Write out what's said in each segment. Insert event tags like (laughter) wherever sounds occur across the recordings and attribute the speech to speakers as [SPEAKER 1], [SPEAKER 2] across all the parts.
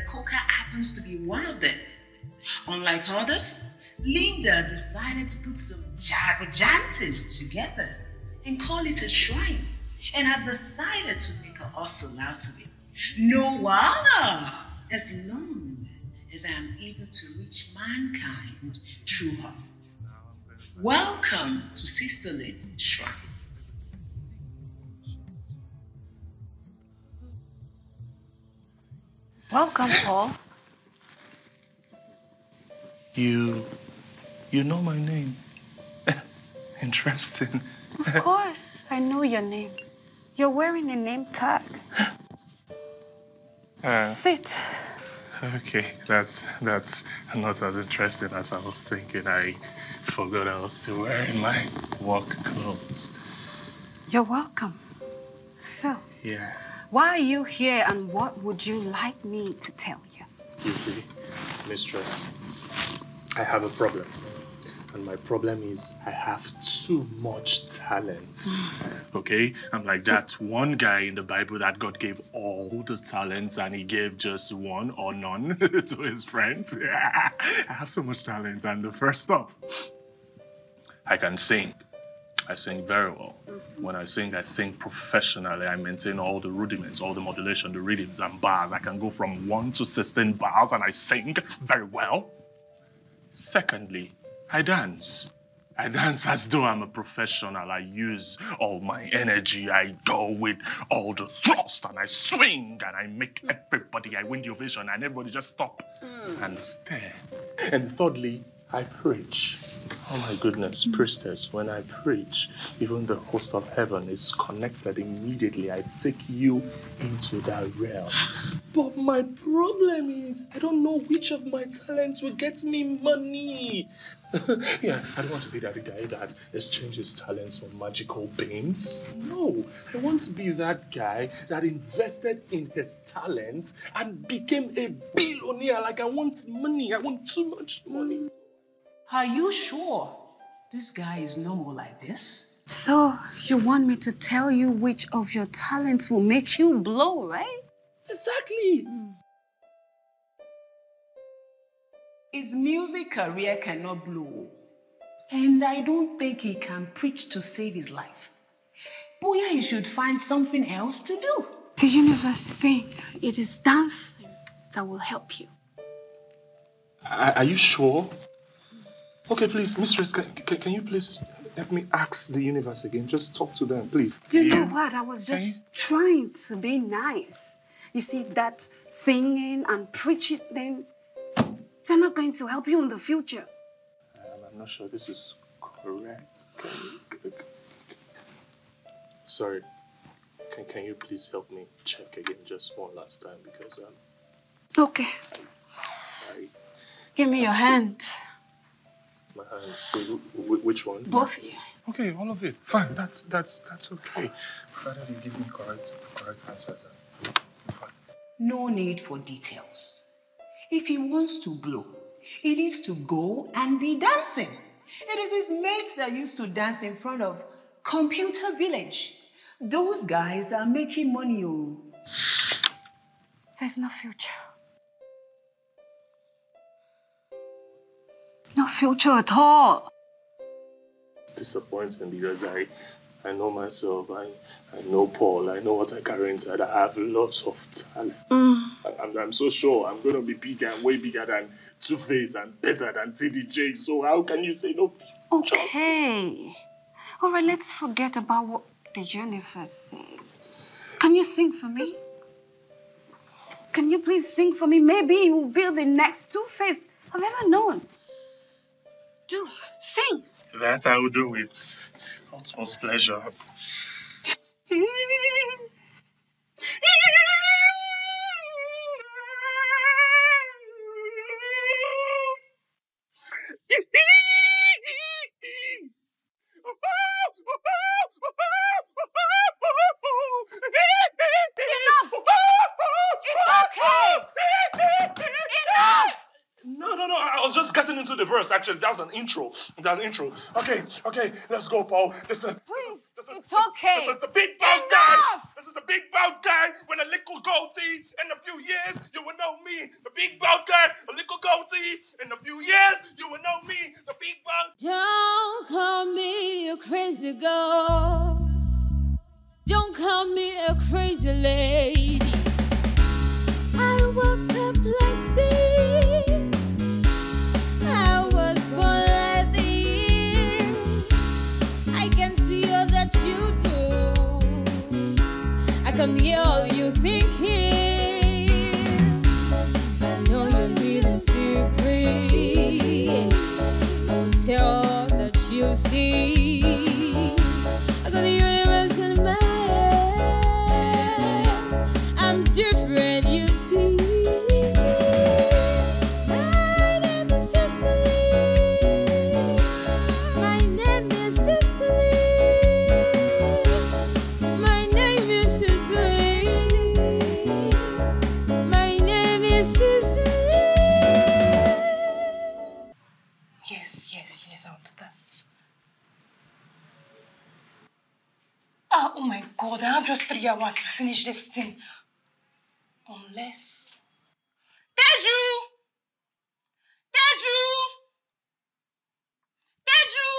[SPEAKER 1] the coca happens to be one of them. Unlike others, Linda decided to put some gigantes together and call it a shrine and has decided to make a hustle out of it. No wonder, as long as I am able to reach mankind through her. Welcome to Sister Lynn Shrine.
[SPEAKER 2] Welcome, Paul.
[SPEAKER 3] You, you know my name. (laughs) Interesting. Of
[SPEAKER 2] course, I know your name. You're wearing a name tag. Uh, (laughs) Sit.
[SPEAKER 3] Okay, that's that's not as interesting as I was thinking. I forgot I was still wearing my work clothes.
[SPEAKER 2] You're welcome. So. Yeah. Why are you here and what would you like me to tell you?
[SPEAKER 3] You see, mistress, I have a problem. And my problem is I have too much talent. (sighs) okay? I'm like that one guy in the Bible that God gave all the talents and he gave just one or none (laughs) to his friends. (laughs) I have so much talent and the first stuff, I can sing. I sing very well. When I sing, I sing professionally. I maintain all the rudiments, all the modulation, the rhythms and bars. I can go from 1 to 16 bars and I sing very well. Secondly, I dance. I dance as though I'm a professional. I use all my energy. I go with all the thrust and I swing and I make everybody, I win the ovation and everybody just stop mm. and stare. And thirdly, I preach. Oh my goodness, priestess, when I preach, even the host of heaven is connected immediately. I take you into that realm. But my problem is, I don't know which of my talents will get me money. (laughs) yeah, I don't want to be that guy that exchanges talents for magical beans. No, I want to be that guy that invested in his talents and became a billionaire. Like, I want money, I want too much money. Are you sure this guy is no more
[SPEAKER 2] like this? So, you want me to tell you which of your talents will make you blow, right?
[SPEAKER 1] Exactly. His music career cannot blow. And I don't think he can preach to save his life. Boya, he should find something else to do. The
[SPEAKER 2] universe think it is dancing that will help you.
[SPEAKER 3] Are, are you sure? Okay, please, mistress, can, can, can you please let me ask the universe again? Just talk to them, please. You know what?
[SPEAKER 2] I was just trying to be nice. You see, that singing and preaching thing, they're not going to help you in the future.
[SPEAKER 3] Um, I'm not sure this is correct. Can sorry, can, can you please help me check again just one last time because... Um, okay. I,
[SPEAKER 2] Give me I'm your hand
[SPEAKER 3] my uh, hands. which one? Both. of you.
[SPEAKER 2] Okay, all of it.
[SPEAKER 3] Fine. That's that's that's okay. Rather you give me correct correct answers.
[SPEAKER 1] No need for details. If he wants to blow, he needs to go and be dancing. It is his mates that used to dance in front of Computer Village. Those guys are making money. Oh.
[SPEAKER 2] There's no future. future at all.
[SPEAKER 3] It's disappointing because I, I know myself. I, I know Paul. I know what I carry inside. I have lots of talent. Mm. I, am I'm, I'm so sure I'm going to be bigger and way bigger than Two Face and better than TDJ. So how can you say no future? Okay.
[SPEAKER 2] All right, let's forget about what the universe says. Can you sing for me? Can you please sing for me? Maybe you will be the next Two Face I've ever known. Do sing.
[SPEAKER 3] That I'll do with utmost pleasure. (laughs) just getting into the verse. Actually, that's an intro. That's an intro. Okay, okay, let's go, Paul. This is, Please, this is, this is, it's okay. This, this is the big bald guy. This is the big bald guy with a little goatee. In a few years, you will know me, the big bald guy, a little goatee. In a few years, you
[SPEAKER 4] will know me, the big bald. Don't call me a crazy girl. Don't call me a crazy lady.
[SPEAKER 1] I woke up like.
[SPEAKER 4] and you're all you think he finish this thing. Unless... Teju! Teju! Teju!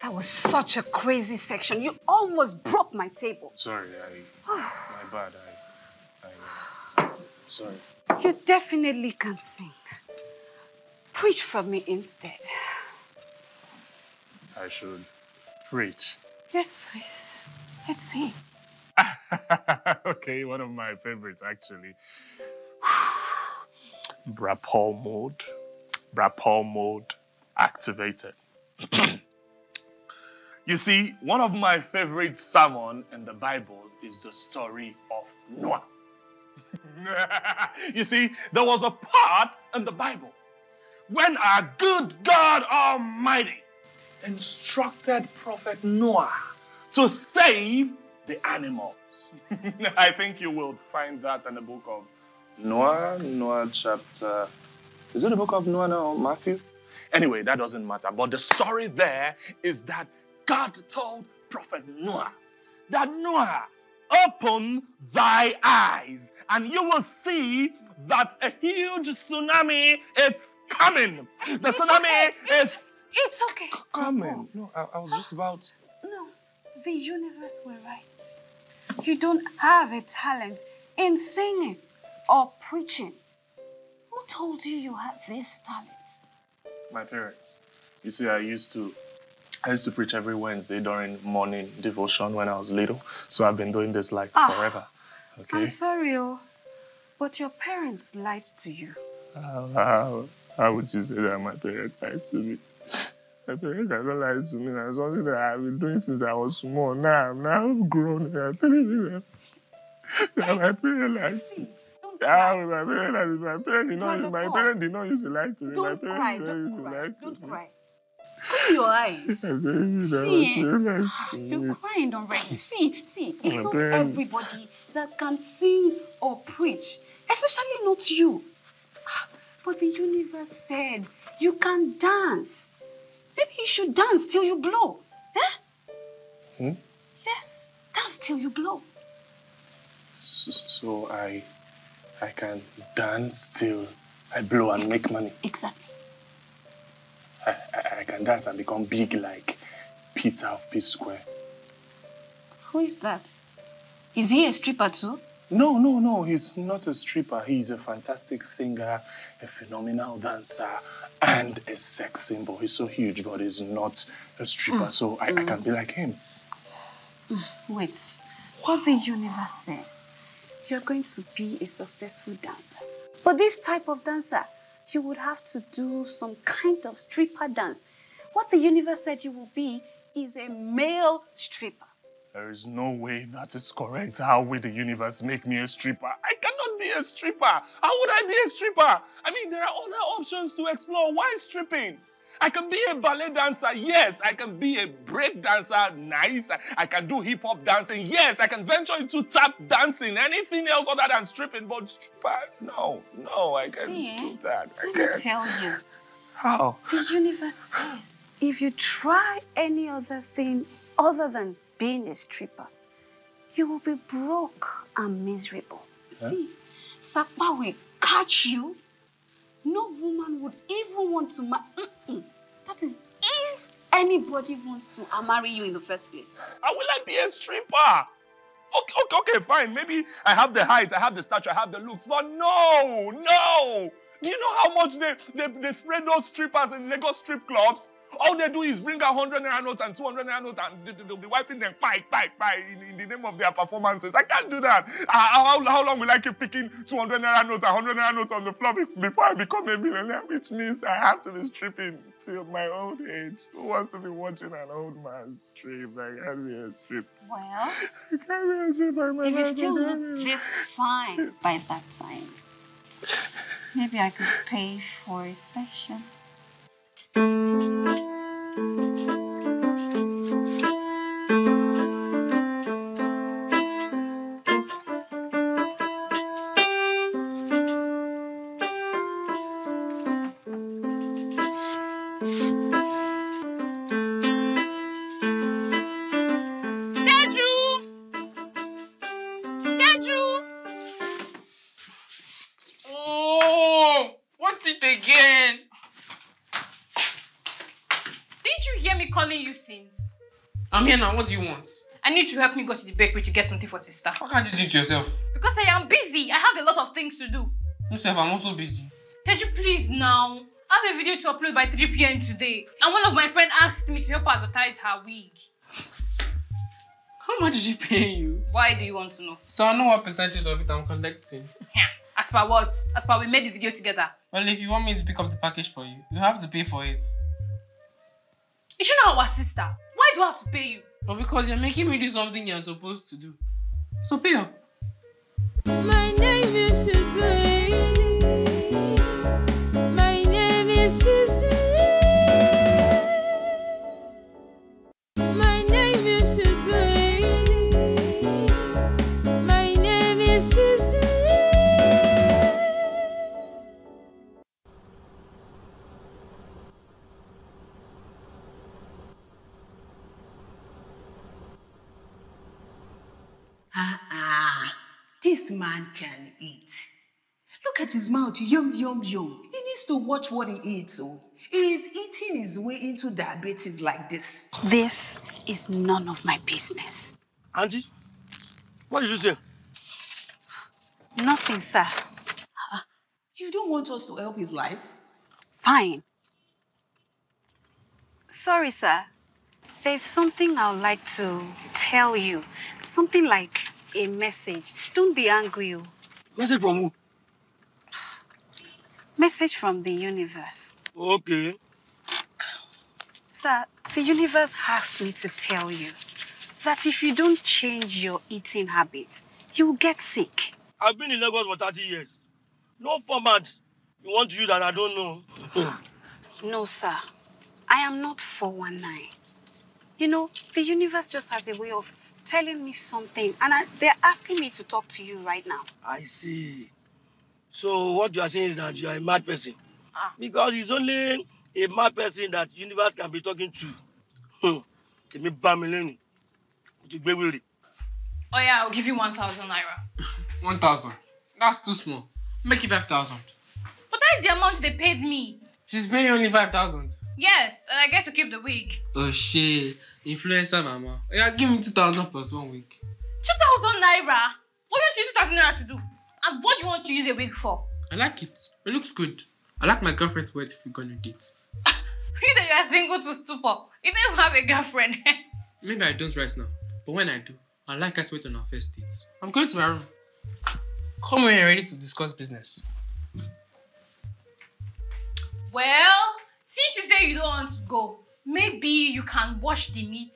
[SPEAKER 2] That was such a crazy section. You almost broke my table.
[SPEAKER 3] Sorry, I... my bad. I... I... Uh, sorry.
[SPEAKER 2] You definitely can sing. Preach for me instead.
[SPEAKER 3] I should preach.
[SPEAKER 2] Yes, please. Let's see.
[SPEAKER 3] (laughs) okay, one of my favorites, actually. (sighs) Brapol mode. Brapol mode activated. (clears throat) you see, one of my favorite sermon in the Bible is the story of Noah. (laughs) you see, there was a part in the Bible when our good God Almighty instructed Prophet Noah to save the animals. (laughs) I think you will find that in the book of Noah, Noah chapter. Is it the book of Noah or Matthew? Anyway, that doesn't matter. But the story there is that God told prophet Noah that Noah, open thy eyes and you will see that a huge tsunami is coming. The it's tsunami okay. is. It's okay. Coming. No, I, I was just about
[SPEAKER 2] the universe will write. You don't have a talent in singing or preaching. Who told you you had this talent?
[SPEAKER 3] My parents. You see, I used to I used to preach every Wednesday during morning devotion when I was little. So I've been doing this like ah, forever. Okay. I'm
[SPEAKER 2] sorry, oh, but your parents
[SPEAKER 3] lied to you. Uh, how, how would you say that my parents lied to me? I think I don't lie to me. That's something that I've been doing since I was small. Now I'm now grown. I'm telling you that my parents like. See, ah, my parents, my parents did not, my parents did not used to like to me. Don't my cry, don't cry, don't cry.
[SPEAKER 2] Open your (laughs) eyes. see, ah, you're crying already. See, see, it's my not parents. everybody that can sing or preach, especially not you. Ah, but the universe said you can dance. Maybe you should dance till you blow. Eh? Hmm? Yes, dance
[SPEAKER 4] till you blow.
[SPEAKER 3] So, so I, I can dance till I blow and make money? Exactly. I, I, I can dance and become big like Peter of Peace Square. Who is that? Is he a stripper too? No, no, no, he's not a stripper. He's a fantastic singer, a phenomenal dancer, and a sex symbol. He's so huge, but he's not a stripper, mm. so I, mm. I can be like him.
[SPEAKER 2] Mm. Wait, what the universe says, you're going to be a successful dancer. For this type of dancer, you would have to do some kind of stripper dance. What the universe said you will be is a male stripper.
[SPEAKER 3] There is no way that is correct. How will the universe make me a stripper? I cannot be a stripper. How would I be a stripper? I mean, there are other options to explore. Why stripping? I can be a ballet dancer, yes. I can be a break dancer, nice. I can do hip hop dancing, yes. I can venture into tap dancing, anything else other than stripping, but stripper, no, no, I can't do that. I let can't. me tell you. How?
[SPEAKER 2] The universe says if you try any other thing other than being a stripper, you will be broke and miserable. Huh? See, Sakpa will catch you. No woman would even want to marry. Mm -mm. That is if anybody wants to i marry you in the first place.
[SPEAKER 3] How will I be a stripper? Okay, okay, okay, fine. Maybe I have the height, I have the stature, I have the looks, but no, no. Do you know how much they, they, they spread those strippers in Lagos strip clubs? All they do is bring a 100 naira note and 200 naira note and they'll be wiping them pie, pie, pie in, in the name of their performances. I can't do that. Uh, how, how long will I keep picking 200 naira notes and 100 naira notes on the floor before I become a millionaire? Which means I have to be stripping till my old age. Who wants to be watching an old man strip? I can't be a strip.
[SPEAKER 2] Well, I can't be a strip by my If you still look this fine
[SPEAKER 3] by that time,
[SPEAKER 2] maybe I could pay for a session.
[SPEAKER 4] now, what do you want? I need you to help me go to the bakery to get something for sister. How can't you do it yourself? Because I am busy. I have a lot of things to do. Myself,
[SPEAKER 5] I'm also busy.
[SPEAKER 4] Can you please now? I have a video to upload by 3 p.m. today. And one of my friends asked me to help advertise her wig.
[SPEAKER 5] How much is she paying
[SPEAKER 4] you? Why do you want to know?
[SPEAKER 5] So I know what percentage of it I'm collecting.
[SPEAKER 4] As per what? As per we made the video together.
[SPEAKER 5] Well, if you want me to pick up the package for you, you have to pay for it.
[SPEAKER 4] You should know our sister. Why do I have to pay you? But because you're making me do something you're supposed to
[SPEAKER 5] do. So pay up.
[SPEAKER 1] My
[SPEAKER 4] name is Cicely. My name is Cicely.
[SPEAKER 1] Ah, ah, this man can eat. Look at his mouth, yum, yum, yum. He needs to watch what he eats. Oh. He is eating his way into diabetes like this.
[SPEAKER 2] This is none of my
[SPEAKER 1] business. Angie, what did you say?
[SPEAKER 2] Nothing, sir. Uh, you don't want us to help his life? Fine. Sorry, sir. There's something I would like to tell you. Something like a message. Don't be angry. Oh. Message from who? Message from the universe. Okay. Sir, the universe asked me to tell you that if you don't change your eating
[SPEAKER 3] habits, you will get sick. I've been in Lagos for 30 years. No format you want to use that I don't know.
[SPEAKER 2] no, sir. I am not 419. You know, the universe just has a way of telling me something, and I, they're asking me to talk to you right now.
[SPEAKER 3] I see. So what you are saying is that you are a mad person. Ah. Because it's only a mad person that universe can be talking to. Hmm. Èmi bá
[SPEAKER 4] Oh yeah, I'll give you 1,000 naira.
[SPEAKER 5] 1,000? (laughs) That's too small. Make it 5,000.
[SPEAKER 4] But that is the amount they paid me.
[SPEAKER 5] She's paying only 5,000.
[SPEAKER 4] Yes, and I get to keep the wig.
[SPEAKER 5] Oh shit, influencer mama. Yeah, give me 2,000 plus one week.
[SPEAKER 4] 2,000 naira? What do you want 2,000 naira to do? And what do you want to use a wig for? I like
[SPEAKER 5] it. It looks good. I like my girlfriend's words if we're gonna date. (laughs)
[SPEAKER 4] you know you are single to stupor. You don't even have a girlfriend.
[SPEAKER 5] (laughs) Maybe I don't right now, but when I do, I like her to wait on our first date. I'm going to my room. Come when you're ready to discuss business.
[SPEAKER 4] Well, since you say you don't want to go, maybe you can wash the meat,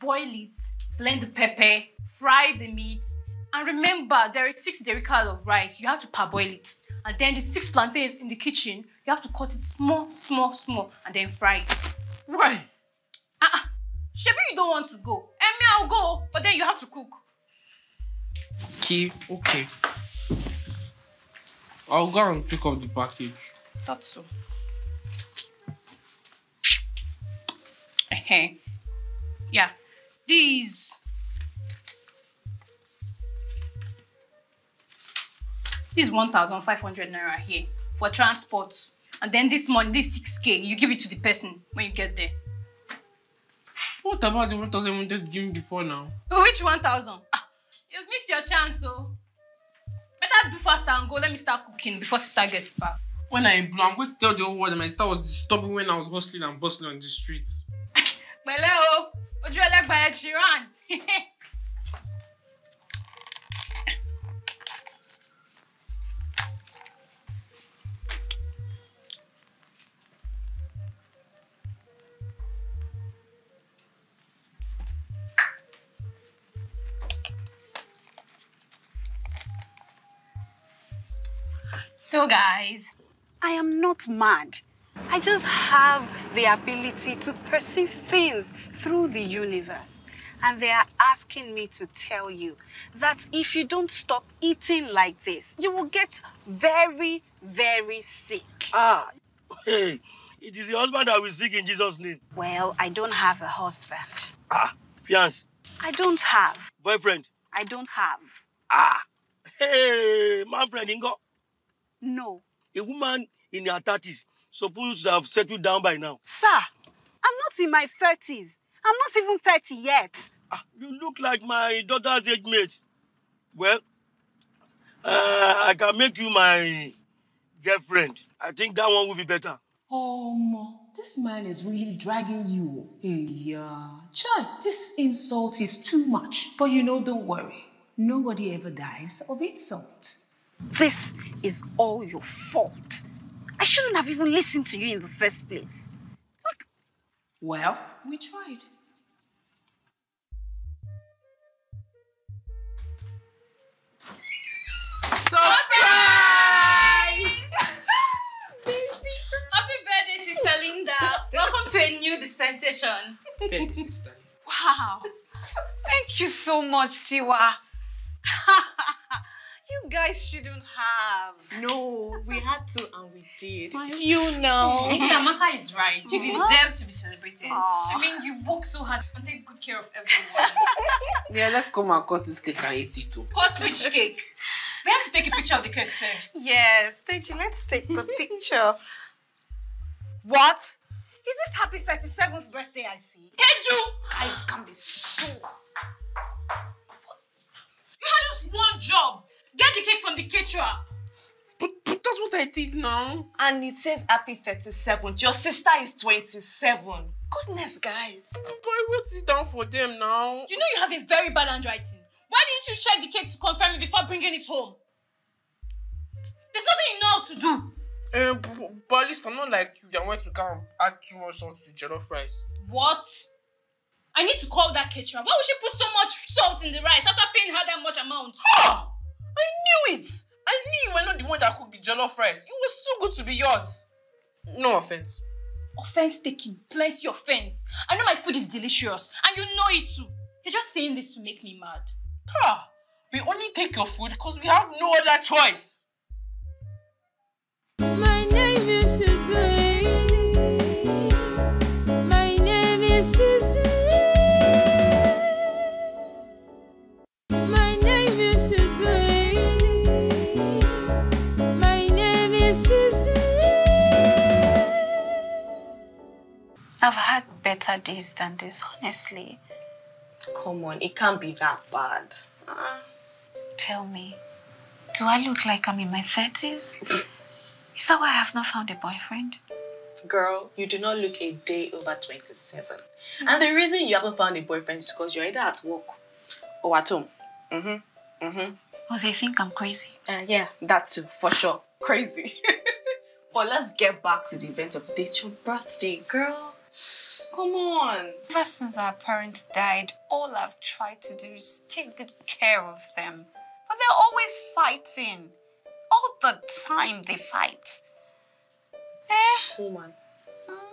[SPEAKER 4] boil it, blend the pepper, fry the meat. And remember, there is six dericals of rice. You have to parboil it. And then the six plantains in the kitchen, you have to cut it small, small, small, and then fry it. Why? Ah, uh -uh. Shebi, you don't want to go. And me, I'll go, but then you have to cook.
[SPEAKER 5] Okay, okay. I'll go and pick up the package. That's so.
[SPEAKER 4] Hey. Yeah. These. This 1,500 naira here for transport. And then this money, this 6k, you give it to the person when you get there.
[SPEAKER 5] What about the 1,000 you just giving before now?
[SPEAKER 4] Which 1,000? Ah, you've missed your chance, so. Oh. Better do faster and go. Let me start cooking before sister gets back.
[SPEAKER 5] When I blow, I'm going to tell the whole world that my sister was disturbing when I was hustling and bustling on the streets
[SPEAKER 4] pẹ̀lẹ́ o ojú ẹlẹ́gbàá ẹ̀ chiran. So
[SPEAKER 2] guys, I am not mad. I just have the ability to perceive things through the universe. And they are asking me to tell you that if you don't stop eating like this, you will get very, very sick. Ah, hey, it is your husband that will sick in Jesus' name. Well, I don't have a husband.
[SPEAKER 3] Ah, fiance.
[SPEAKER 2] I don't have. Boyfriend. I don't have. Ah,
[SPEAKER 3] hey, man friend, Ingo. No. A woman in her 30s supposed to have settled down by now.
[SPEAKER 2] Sir, I'm not in my 30s. I'm not even 30 yet. Ah, you look like my daughter's age
[SPEAKER 3] mate. Well, uh, I can make you my girlfriend. I think that one will be better.
[SPEAKER 1] Oh, ma, this man is really dragging you. Hey, yeah. Chai, this insult is too much. But you know, don't worry. Nobody ever dies of insult. This is all your fault. I shouldn't have even listened to you in the first place. Look. Well, we tried.
[SPEAKER 4] Surprise! (laughs) Happy birthday, Sister Linda. Welcome to a new dispensation.
[SPEAKER 2] Birthday, sister. Wow. (laughs) Thank you so much, Tiwa. (laughs) You guys shouldn't have. No, we
[SPEAKER 4] had to and we
[SPEAKER 6] did. It's you now. Amaka is right. You deserve to
[SPEAKER 4] be celebrated. Aww. I mean, you work so hard and take good care of everyone.
[SPEAKER 5] (laughs) yeah, let's come and cut this cake and eat it too.
[SPEAKER 4] Cut which cake? We have to take a picture of the cake first. Yes, Teji,
[SPEAKER 2] let's take the picture. what? Is this happy 37th
[SPEAKER 4] birthday I see? Teju! Guys can be so... You had just one job. Get the cake from the caterer.
[SPEAKER 6] But, but that's what I did now. And it says happy 37. Your sister is 27.
[SPEAKER 4] Goodness, guys. But I wrote it down for them now. You know you have a very bad handwriting. Why didn't you check the cake to confirm it before bringing it home? There's nothing you know how to do. Um,
[SPEAKER 5] eh, but, but at least I'm not like you. I went to come add too much salt to the jello rice.
[SPEAKER 4] What? I need to call that caterer. Why would she put so much salt in the rice after paying her that much amount? Ah! I knew it! I knew you were not the one that cooked the jollof rice. It was too good to be yours. No offense. Offense taking. Plenty offense. I know my food is delicious. And you know it too. You're just saying this to make me mad. Ha! we only take your food because we have no other choice. My name is Susan. I've had
[SPEAKER 2] better days than this, honestly. Come on, it can't be that bad. Uh, Tell me, do I look like I'm in my 30s? Is that why I have not found a boyfriend?
[SPEAKER 6] Girl, you do not look a day over 27. Mm. And the reason you haven't found a boyfriend is because you're either at work or at home. Mm-hmm, mm-hmm. Well, they think I'm crazy. Uh, yeah, that too, for sure. Crazy.
[SPEAKER 2] (laughs) but let's get back to
[SPEAKER 6] the event of the day. It's your
[SPEAKER 2] birthday, girl. Come on. Ever since our parents died, all I've tried to do is take good care of them. But they're always fighting. All the time they fight. Eh? Woman, huh?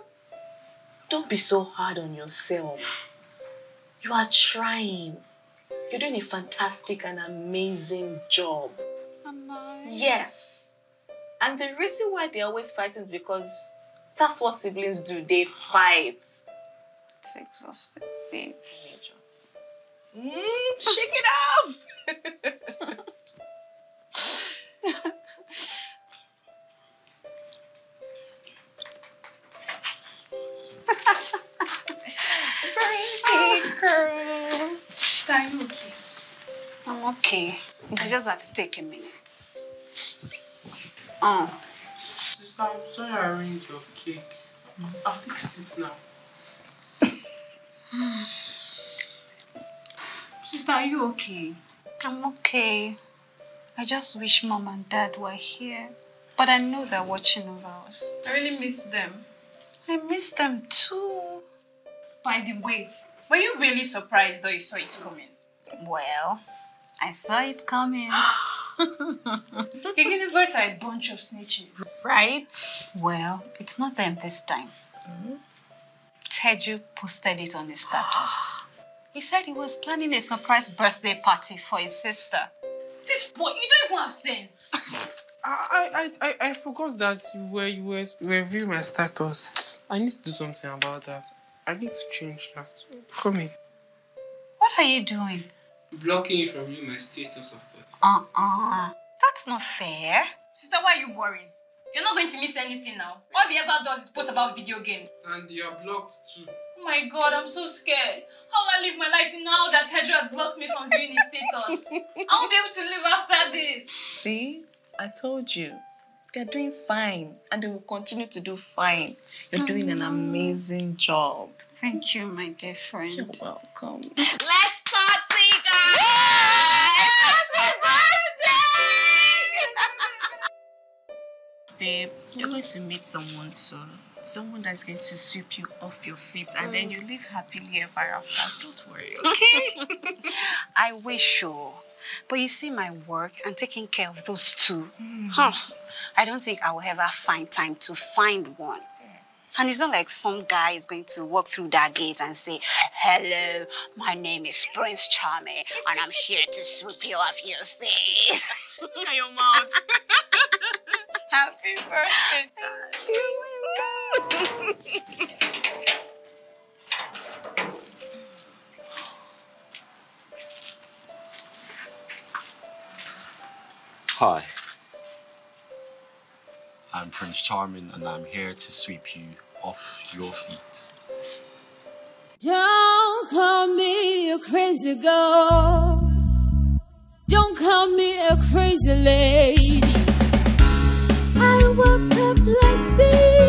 [SPEAKER 6] don't be so hard on yourself. You are trying. You're doing a fantastic and amazing job.
[SPEAKER 2] Am I? Yes.
[SPEAKER 6] And the reason why they're always fighting is because that's what siblings do. They fight. It's exhausting, babe. Mm, shake it
[SPEAKER 2] off!
[SPEAKER 4] girl. Are you okay?
[SPEAKER 2] I'm okay. I just had to take a minute. Oh
[SPEAKER 5] mister sorry I ruined your cake. I fixed it now.
[SPEAKER 4] (sighs) Sister, are you okay?
[SPEAKER 2] I'm okay. I just wish mom and dad were here. But I know they're watching over us.
[SPEAKER 4] I really miss them. I miss them too. By the way, were you really surprised though you saw it coming? Well,
[SPEAKER 2] I saw it
[SPEAKER 4] coming. the universe are a bunch of snitches.
[SPEAKER 2] Right? Well, it's not them this time. Mm -hmm. Teju posted it on his status. he said he was planning a surprise birthday party for
[SPEAKER 4] his sister. This boy, you don't even have sense. (laughs) I, I, I, I
[SPEAKER 5] forgot that you were, you were reviewing my status. I need to do something about that. I need to change that.
[SPEAKER 2] Come in. What are you doing?
[SPEAKER 5] Blocking you from viewing my status, of course.
[SPEAKER 2] Uh-uh.
[SPEAKER 5] That's not fair.
[SPEAKER 4] Sister, why are you boring? You're not going to miss anything now. All he ever does is post about video games.
[SPEAKER 5] And you're blocked too.
[SPEAKER 4] Oh my god, I'm so scared. How will I live my life now that Tedra has blocked me from viewing his status? (laughs) I won't be able to live after this. See?
[SPEAKER 6] I told you. They're doing fine and they will continue to do fine. You're doing an amazing job.
[SPEAKER 2] Thank you, my dear friend. You're welcome. (laughs)
[SPEAKER 6] Let's babe, you're going to meet someone soon. Someone that's going to sweep you off your feet and mm. then you live happily ever after. Don't worry,
[SPEAKER 2] okay? (laughs) I wish you. Oh. But you see my work and taking care of those two, mm. huh? I don't think I will ever find time to find one. And it's not like some guy is going to walk through that gate and say, Hello, my name is Prince Charming, and I'm here to sweep
[SPEAKER 6] you off your face. Look at your mouth. (laughs) Happy birthday, Taji.
[SPEAKER 3] Hi. I'm Prince Charming and I'm here to sweep you off your feet.
[SPEAKER 4] Don't call me a crazy girl. Don't call me a crazy lady woke up like this.